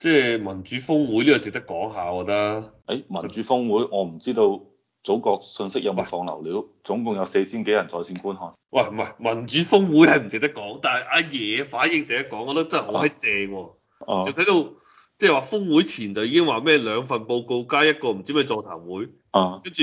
即係民主峰會呢個值得講下，我覺得。誒、欸，民主峰會我唔知道，祖國信息有冇放流料？總共有四千幾人在線觀看。喂，唔係民主峰會係唔值得講，但係阿、啊、爺反應值得講，我覺得真係好閪正喎。哦。就睇到即係話峰會前就已經話咩兩份報告加一個唔知咩座談會。哦。跟住。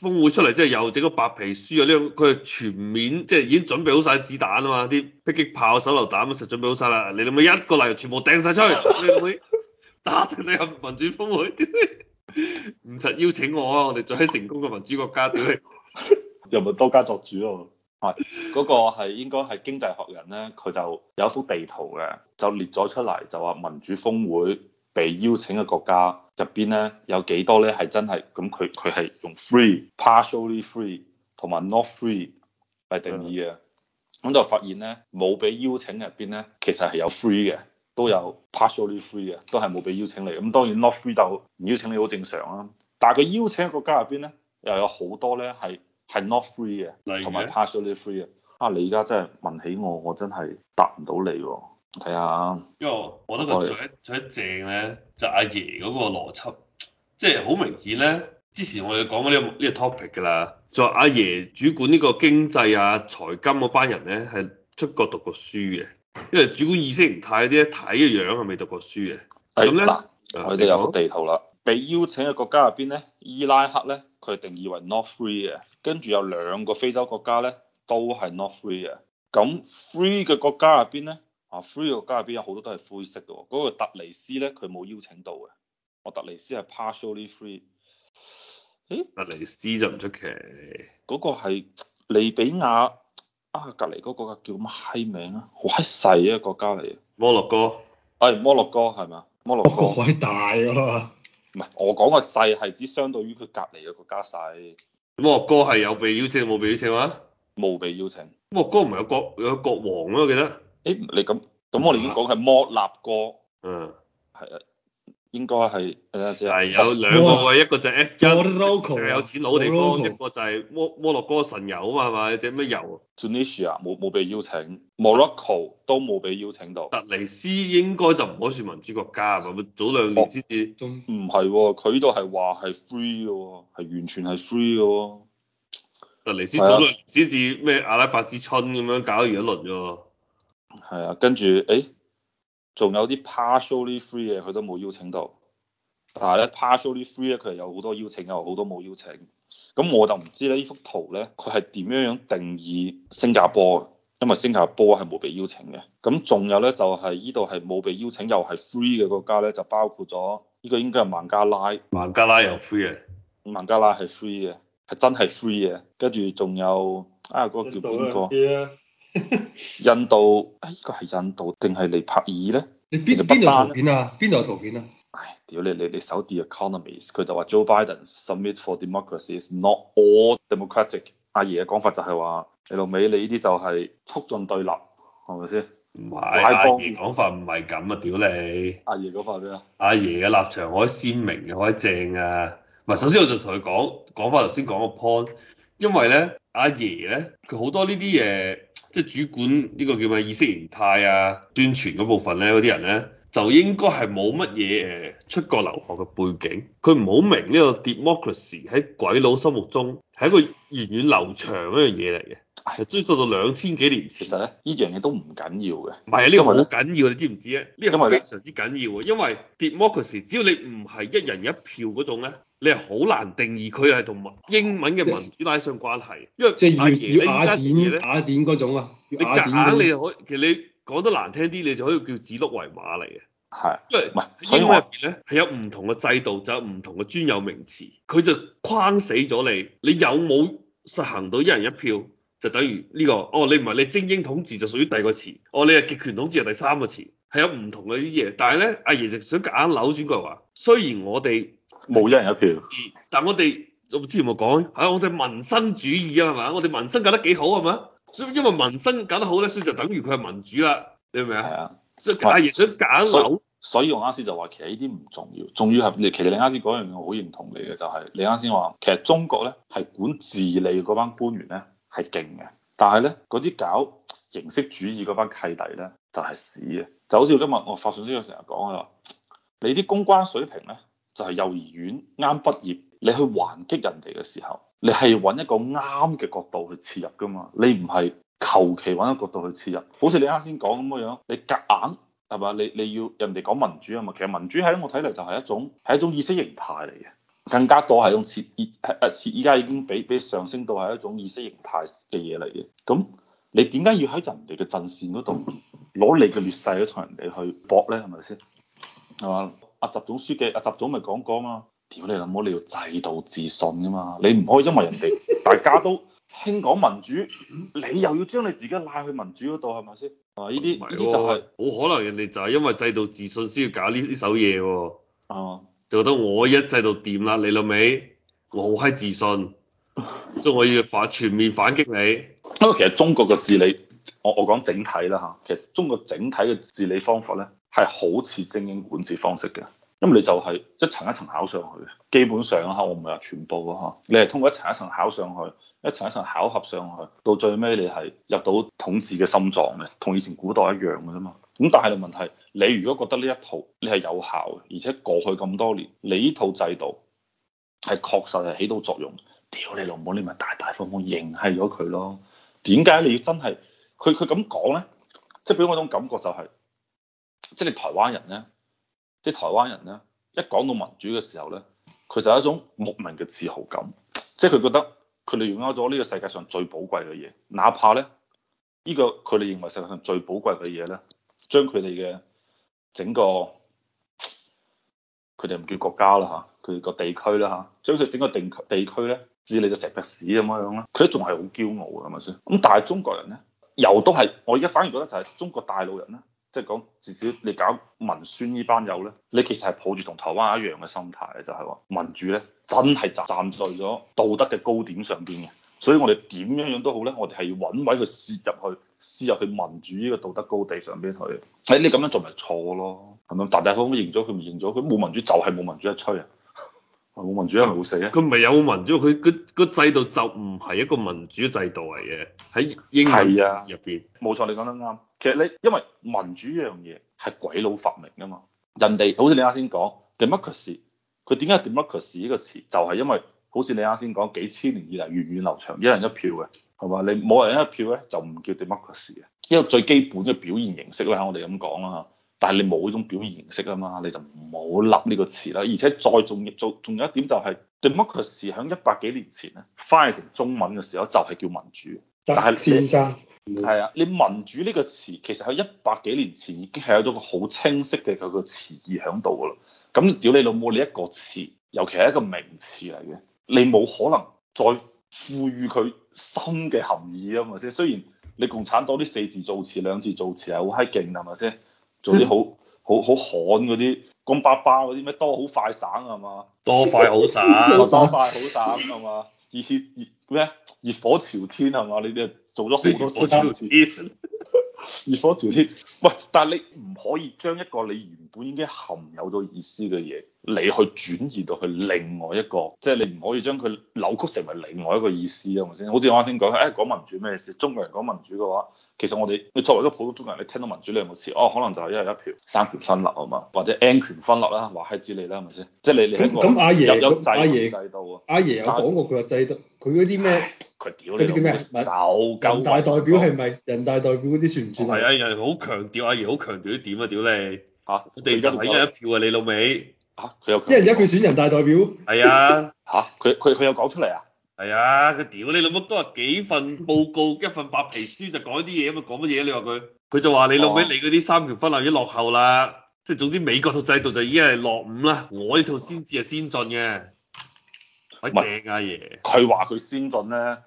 峰會出嚟即係又整個白皮書啊！呢佢係全面即係已經準備好晒子彈啊嘛，啲迫擊炮、手榴彈咁實準備好晒啦。你諗下一個例，全部掟晒出去，你諗下炸死你個民主峰會點？唔使邀請我啊，我哋做喺成功嘅民主國家點？又咪多加作主啊？係嗰、那個係應該係《經濟學人呢》咧，佢就有一幅地圖嘅，就列咗出嚟就話民主峰會。被邀請嘅國家入邊咧，有幾多咧係真係，咁佢佢係用 free、partially free 同埋 not free 嚟定義嘅。咁的就發現咧，冇俾邀請入邊咧，其實係有 free 嘅，都有 partially free 嘅，都係冇俾邀請你。咁當然 not free 就唔邀請你好正常啦、啊。但係佢邀請嘅國家入邊咧，又有好多咧係係 not free 嘅，同埋 partially free 嘅。的啊，你而家真係問起我，我真係答唔到你喎、啊。睇下，因為我覺得佢最最正咧，就阿爺嗰個邏輯，即係好明顯咧。之前我哋講過呢個呢個 topic 㗎啦，就阿爺主管呢個經濟啊財金嗰班人咧，係出國讀過書嘅。因為主管意識形態啲咧睇嘅樣係未讀過書嘅。咁咧的，佢哋呢有個地圖啦。被邀請嘅國家入邊咧，伊拉克咧，佢係定義為 not free 嘅。跟住有兩個非洲國家咧，都係 not free 嘅。咁 free 嘅國家入邊咧？啊，free 個國家入邊有好多都係灰色嘅。嗰、嗰個特尼斯咧，佢冇邀請到嘅。我特尼斯係 partially free。誒，特尼斯，free，特尼斯就唔出奇。嗰個係利比亞啊，隔籬嗰個叫乜閪名啊？好閪細啊，一個國家嚟。嘅。摩洛哥，係摩洛哥係咪啊？摩洛哥好閪大啊！唔係，我講個細係指相對於佢隔籬嘅國家細。摩洛哥係有被邀請冇被邀請嘛？冇被邀請。摩洛哥唔係有國有國王咩、啊？我記得。誒，你咁咁，我哋已經講係摩納哥，嗯，係啊，應該係等下先。係有兩個喎，一個就係 FJ，仲有錢佬地方，一個就係摩摩洛哥神遊啊嘛，係咪？隻咩遊？Tunisia 冇冇被邀請？Morocco 都冇被邀請到。特尼斯應該就唔可以算民主國家，因為早兩年先至唔係喎，佢都係話係 free 嘅喎，係完全係 free 嘅喎。特尼斯早兩年先至咩阿拉伯之春咁樣搞完一輪啫。係啊，跟住，誒，仲有啲 partially free 嘅，佢都冇邀請到。但係咧，partially free 咧，佢係有好多邀請嘅，好多冇邀請。咁我就唔知咧，呢幅圖咧，佢係點樣樣定義新加坡？因為新加坡係冇被邀請嘅。咁仲有咧，就係呢度係冇被邀請又係 free 嘅國家咧，就包括咗呢個應該係孟加拉。孟加拉又 free 嘅？孟加拉係 free 嘅，係真係 free 嘅。跟住仲有啊，嗰個叫邊個？ 印度，哎，呢個係印度定係尼泊爾咧？你邊邊度圖片啊？邊度有圖片啊？唉、啊哎，屌你你你搜 The Economist 佢就話 Joe Biden summit for democracy is not all democratic。阿爺嘅講法就係話：你老味，你呢啲就係促進對立，係咪先？唔係喂，光阿爺講法唔係咁啊！屌你，阿爺嗰法先啊！阿爺嘅立場好鮮明嘅，好正啊！唔係，首先我就同佢講講翻頭先講個 point，因為咧阿爺咧佢好多呢啲嘢。即係主管呢個叫咩意識形態啊、宣傳嗰部分咧，嗰啲人咧就應該係冇乜嘢誒出國留學嘅背景，佢唔好明呢個 democracy 喺鬼佬心目中係一個源遠，遠流長一樣嘢嚟嘅，係追溯到兩千幾年前。其實咧呢樣嘢都唔緊要嘅，唔係、啊、呢個好緊要，你知唔知啊？呢、個係非常之緊要，因為 democracy 只要你唔係一人一票嗰種咧，你係好難定義，佢係同英文嘅民主拉上關係，因為即係打點打點嗰種啊，你夾硬你可其實你講得難聽啲，你就可以叫指鹿為馬嚟嘅，係因為喺英文入邊咧係有唔同嘅制度，就有唔同嘅專有名詞，佢就框死咗你。你有冇實行到一人一票，就等於呢個哦？你唔係你精英統治就屬於第二個詞，哦你係極權統治係第三個詞，係有唔同嘅啲嘢。但係咧，阿爺就想夾硬扭轉佢話，雖然我哋。冇一人一票，但我哋做之前、啊、我講係我哋民生主義啊，係嘛？我哋民生搞得幾好係嘛？因為民生搞得好咧，所以就等於佢係民主啦。你明唔明是啊？係啊，所以但係亦想揀，所以我啱先就話其實呢啲唔重要，重要係其實你啱先講樣嘢，我好認同你嘅就係你啱先話，其實中國咧係管治理嗰班官員咧係勁嘅，但係咧嗰啲搞形式主義嗰班契弟咧就係屎嘅。就好似今日我發信息嘅成日講啊，你啲公關水平咧，就係幼兒園啱畢業，你去還擊人哋嘅時候，你係要揾一個啱嘅角度去切入㗎嘛？你唔係求其揾一個角度去切入，好似你啱先講咁樣樣，你夾硬係嘛？你你要人哋講民主啊嘛？其實民主喺我睇嚟就係一種係一種意識形態嚟嘅，更加多係一種切依家已經俾俾上升到係一種意識形態嘅嘢嚟嘅。咁你點解要喺人哋嘅陣線嗰度攞你嘅劣勢去同人哋去搏呢？係咪先係嘛？阿習總書記，阿習總咪講過嘛？屌你老母！你要制度自信噶嘛？你唔可以因為人哋大家都興講民主， 你又要將你自己拉去民主嗰度，係咪先？啊！依啲依就係、是、好可能，人哋就係因為制度自信先要搞呢呢手嘢喎。哦、啊，就覺得我一制度掂啦，你老味，我好閪自信，即係我要反全面反擊你。不過其實中國嘅治理，我我講整體啦嚇。其實中國整體嘅治理方法咧。係好似精英管治方式嘅，因為你就係一層一層考上去，基本上啊，我唔係話全部啊，你係通過一層一層考上去，一層一層考核上去，到最尾你係入到統治嘅心臟嘅，同以前古代一樣嘅啫嘛。咁但係問題，你如果覺得呢一套你係有效嘅，而且過去咁多年，你呢套制度係確實係起到作用，屌你老母，你咪大大方方認係咗佢咯。點解你真係佢佢咁講呢？即係俾我種感覺就係、是。即係台灣人呢，即台灣人呢，一講到民主嘅時候呢，佢就有一種莫名嘅自豪感，即係佢覺得佢哋擁有咗呢個世界上最寶貴嘅嘢，哪怕呢，呢、呢個佢哋認為世界上最寶貴嘅嘢呢，將佢哋嘅整個佢哋唔叫國家啦嚇，佢個地區啦嚇，將佢整個定地區呢，置你嘅石壁屎咁樣樣啦，佢都仲係好驕傲嘅係咪先？咁但係中國人呢，又都係我而家反而覺得就係中國大陸人呢。即係講至少你搞文宣呢班友咧，你其實係抱住同台灣一樣嘅心態嘅，就係話民主咧真係站在咗道德嘅高點上邊嘅，所以我哋點樣樣都好咧，我哋係要揾位去攝入去，攝入去民主呢個道德高地上邊去。誒，你咁樣做咪錯咯？咁樣大大方方認咗佢，唔認咗佢，冇民主就係冇民主一吹啊！冇民主人會死啊！佢唔係有民主，佢佢個制度就唔係一個民主制度嚟嘅。喺英文入邊，啊，冇錯，你講得啱。其實你因為民主一樣嘢係鬼佬發明㗎嘛。人哋好似你啱先講，democracy，佢點解 democracy 呢個詞就係因為好似你啱先講幾千年以嚟源遠流長，一人一票嘅係嘛？你冇人一票咧，就唔叫 democracy 啊！呢個最基本嘅表現形式，嚇我哋咁講啦但係你冇呢種表現形式啊嘛，你就唔好立呢個詞啦。而且再重要，仲仲有一點就係，Democracy 響一百幾年前咧，翻譯成中文嘅時候就係叫民主。但係先生，係啊，你民主呢個詞其實喺一百幾年前已經係有咗個好清晰嘅佢個詞義喺度噶啦。咁屌你老母，你一個詞，尤其係一個名詞嚟嘅，你冇可能再賦予佢新嘅含義啊嘛先。雖然你共產黨啲四字造詞、兩字造詞係好嗨勁，係咪先？做啲好好好旱嗰啲乾巴巴嗰啲咩多好快省，係嘛？多快好省， 多快好省，係嘛？熱熱血熱咩？熱火朝天係嘛？你哋做咗好多事。熱火朝天，喂！ 但係你唔可以將一個你原本已經含有咗意思嘅嘢，你去轉移到去另外一個，即係你唔可以將佢扭曲成為另外一個意思，係咪先？好似我啱先講，誒、哎、講民主咩事？中國人講民主嘅話，其實我哋，你作為一個普通中國人，你聽到民主兩個字，哦，可能就係一人一票、三權分立啊嘛，或者 N 權分立啦，華西之理啦，係咪先？即係你喺那個咁阿爺有制度啊，阿爺有講過佢話制度，佢嗰啲咩？嗰啲咩？大代表係咪人大代表嗰啲傳説？係、哦、啊，人哋好強調，阿爺好強調啲點啊，屌你嚇，佢哋爭係一票啊，你老味！嚇佢、啊、又，因為一人一票選人大代表係啊嚇，佢佢佢又講出嚟啊，係 啊，佢屌、啊啊、你老母，都話幾份報告，一份白皮書就講啲嘢，咁啊講乜嘢？你話佢佢就話你老尾、哦、你嗰啲三權分立已經落後啦，即係總之美國套制度就已經係落伍啦，我呢套先至係先進嘅，鬼、啊、但正阿、啊、爺佢話佢先進咧。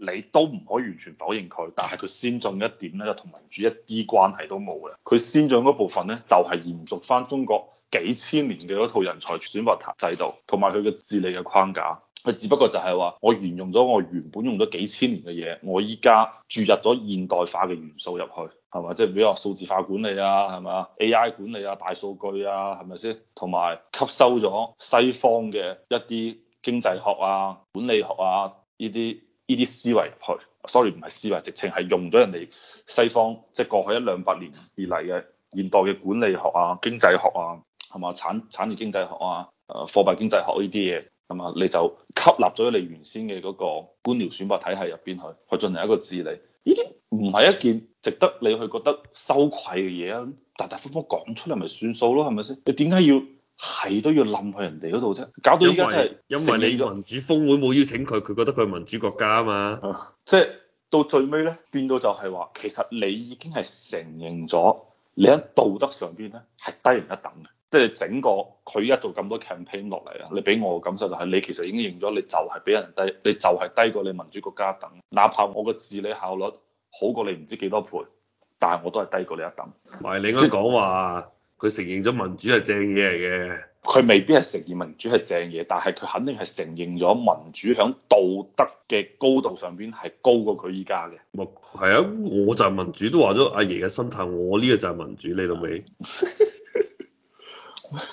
你都唔可以完全否認佢，但係佢先進一點咧，就同民主一啲關係都冇嘅。佢先進嗰部分咧，就係延續翻中國幾千年嘅嗰套人才選拔制度，同埋佢嘅治理嘅框架。佢只不過就係話，我沿用咗我原本用咗幾千年嘅嘢，我依家注入咗現代化嘅元素入去，係嘛？即係比如話數字化管理啊，係嘛？AI 管理啊，大數據啊，係咪先？同埋吸收咗西方嘅一啲經濟學啊、管理學啊呢啲。呢啲思維入去，sorry 唔係思維，直情係用咗人哋西方即係、就是、過去一兩百年以嚟嘅現代嘅管理學啊、經濟學啊，係嘛，產產業經濟學啊、誒、啊、貨幣經濟學呢啲嘢，咁啊你就吸納咗你原先嘅嗰個官僚選拔體系入邊去，去進行一個治理，呢啲唔係一件值得你去覺得羞愧嘅嘢啊，大大方方講出嚟咪算數咯，係咪先？你點解要？係都要冧去人哋嗰度啫，搞到依家真係，因為你民主峰會冇邀請佢，佢覺得佢係民主國家啊嘛。即係到最尾咧，變到就係話，其實你已經係承認咗，你喺道德上邊咧係低人一等嘅。即係整個佢一做咁多 campaign 落嚟啊，你俾我嘅感受就係，你其實已經認咗，你就係俾人低，你就係低過你民主國家一等。哪怕我嘅治理效率好過你唔知幾多倍，但係我都係低過你一等。唔你應該佢承認咗民主係正嘢嚟嘅，佢未必係承認民主係正嘢，但係佢肯定係承認咗民主喺道德嘅高度上面係高過佢依家嘅。咪係啊，我就係民主都話咗阿爺嘅心態，我呢個就係民主你到未？